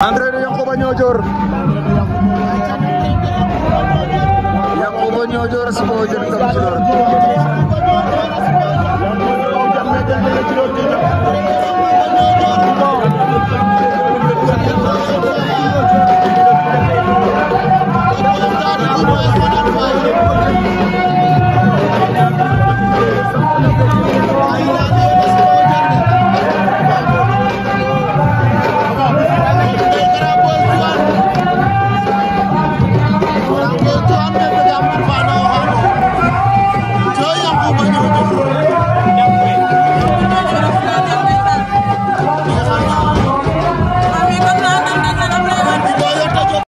André Yankuba Niodior Yankuba Niodior